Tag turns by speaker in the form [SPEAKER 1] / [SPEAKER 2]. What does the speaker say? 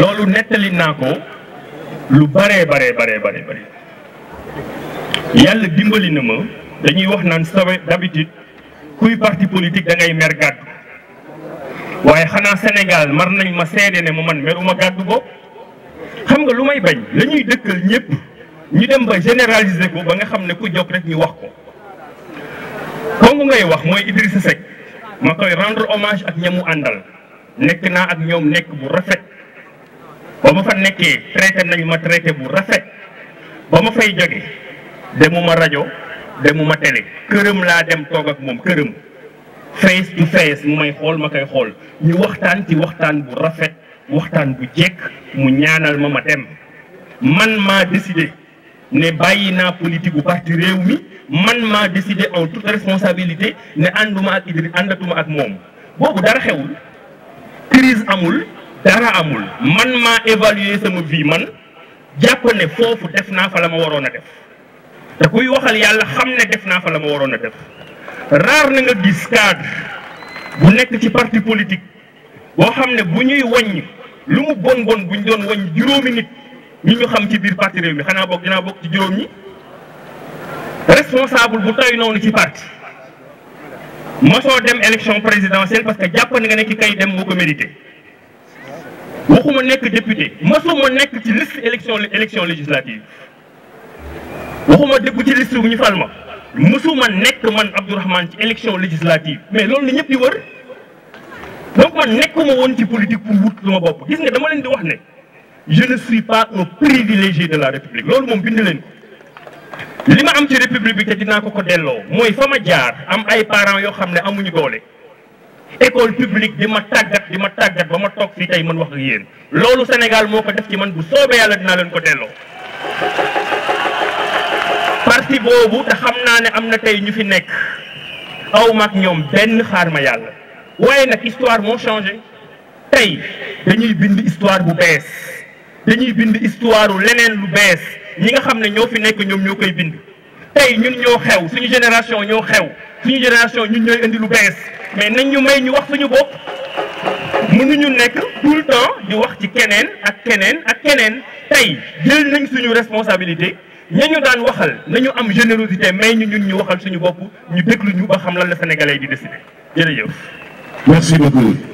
[SPEAKER 1] loolu nettali naa ko lu bare bare bare bare yàlla dimbali na ma dañuy wax naan sawe d'habitude kuy parti politique da ngay mer gàddu waaye xanaa Sénégal mar nañ ma seede ne ma man meruma gàddu ko xam nga lu may bañ la ñuy dëkkal ñëpp ñu dem ba généraliser ko ba nga xam ne ku jóg rek ñu wax ko kooku ngay wax mooy Idrissa Seck ma koy rendre hommage ak ñamu àndal nekk naa ak ñoom nekk bu rafet ba ma fa nekkee traité nañ ma traité bu rafet ba ma fay jóge ma rajo demuma télé këram laa dem toog ak moom këram face to face mu may xool ma koy xool ñu waxtaan ci waxtaan bu rafet waxtaan bu jekk mu ñaanal ma ma dem man maa décidé ne bàyyi naa politique bu parti réew mi man maa décidé en toute responsabilité ne ànduma ak Idriss àndatuma ak moom boobu dara xewul crise amul dara amul man ma évalué sama vie man jàpp ne foofu def naa fa la ma waroon a def te kuy waxal yàlla xam ne def naa fa la ma waroon a def raar na nga gis bu nekk ci parti politique boo xam ne bu ñuy wàññi lu mu bon bon buñ doon wañ juróomi nit ñu ñu xam ci biir parti réew mi xanaa bokk dinaa bokk ci juróom ñi responsable bu toy noonu ci parti mosoo dem élection présidentielle parce que jàpp nga ne ki kay dem moo ko mérité waxuma nekk député mosuma nekk ci liste élection élection législative waxuma dëgg ci liste bu ñu fal ma mosuma nekk man Abdourahmane ci élection législative mais loolu la ñëpp wër donc man nekkuma woon ci politique pour wut lu ma bopp gis nga dama leen di wax ne je ne suis pas un privilégié de la république loolu moom bind leen ko li ma am ci république bi te dinaa ko ko delloo mooy fa ma jaar am ay parents yoo xam ne amuñu doole école publique di ma tàggat di ma tàggat ba ma toog fii tey man wax ak yéen loolu Sénégal moo ko def ci man bu soobee yàlla dinaa leen ko delloo parti boobu te xam naa ne am na tey ñu fi nekk aw ñoom benn xaar ma yàlla waaye nag histoire moo changé tey dañuy bind histoire bu bees dañuy bind histoire leneen lu bees ñi nga xam ne ñoo fi nekk ñoom ñoo koy bind tey ñun ñoo xew suñu génération ñoo xew suñu génération ñun ñooy indi lu bees mais nañ ñu may ñu wax suñu bopp mënuñu nekk tout le temps di wax ci keneen ak keneen ak keneen tey jël nañ suñu responsabilité ñañu daan waxal nañu am générosité may ñu ñun ñu waxal suñu bopp ñu déglu ñu ba xam lan la sénégalais di décider jërëjëf merci beaucoup.